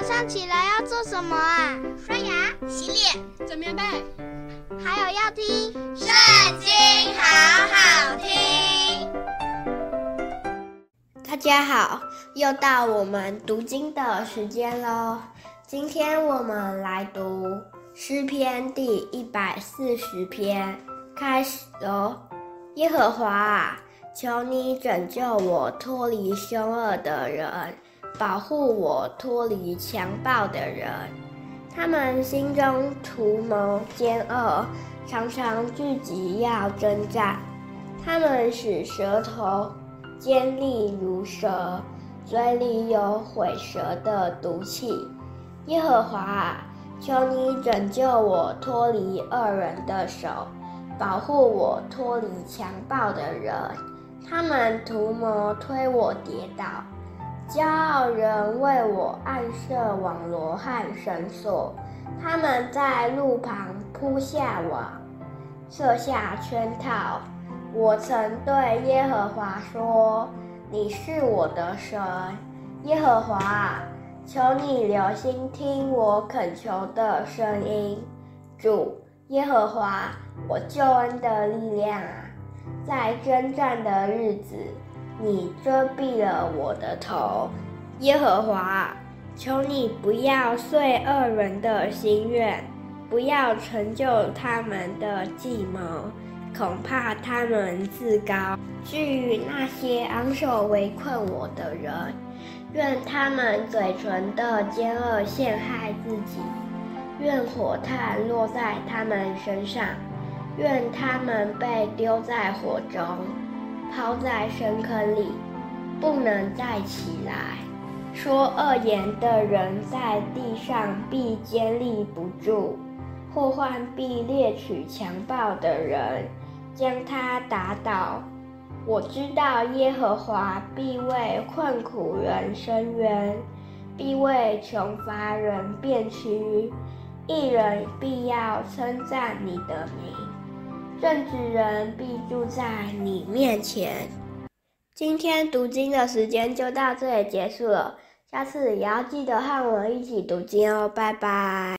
早上起來要做什麼啊？刷牙、洗臉、整棉被，還有要聽《聖經好好聽》。大家好，又到我們讀經的時間嘍。今天我們來讀詩篇第一百四十篇，開始嘍、哦。耶和華啊，求你拯救我，脫離凶惡的人。保護我脫離強暴的人，他們心中圖謀奸惡，常常聚集要爭戰。他們使舌頭尖利如蛇，嘴裡有虺蛇的毒氣。耶和華啊，求你拯救我脫離惡人的手，保護我脫離強暴的人，他們圖謀推我跌倒。驕傲人為我暗設網羅和繩索，他們在路旁鋪下網，設下圈套。我曾對耶和華說：“你是我的神，耶和華啊，求你留心聽我懇求的聲音，主耶和華，我救恩的力量啊，在爭戰的日子。”你遮蔽了我的頭，耶和華，求你不要遂惡人的心願，不要成就他們的計謀，恐怕他們自高。至於那些昂首圍困我的人，願他們嘴唇的奸惡陷害自己，願火炭落在他們身上，願他們被丟在火中。拋在深坑裡，不能再起來。說惡言的人在地上必堅立不住，禍患必獵取強暴的人，將他打倒。我知道耶和華必為困苦人伸冤，必為窮乏人辨屈。義人必要稱讚你的名。正直人必住在你面前。今天讀經的時間就到這裡結束了，下次也要記得和我一起讀經哦，拜拜。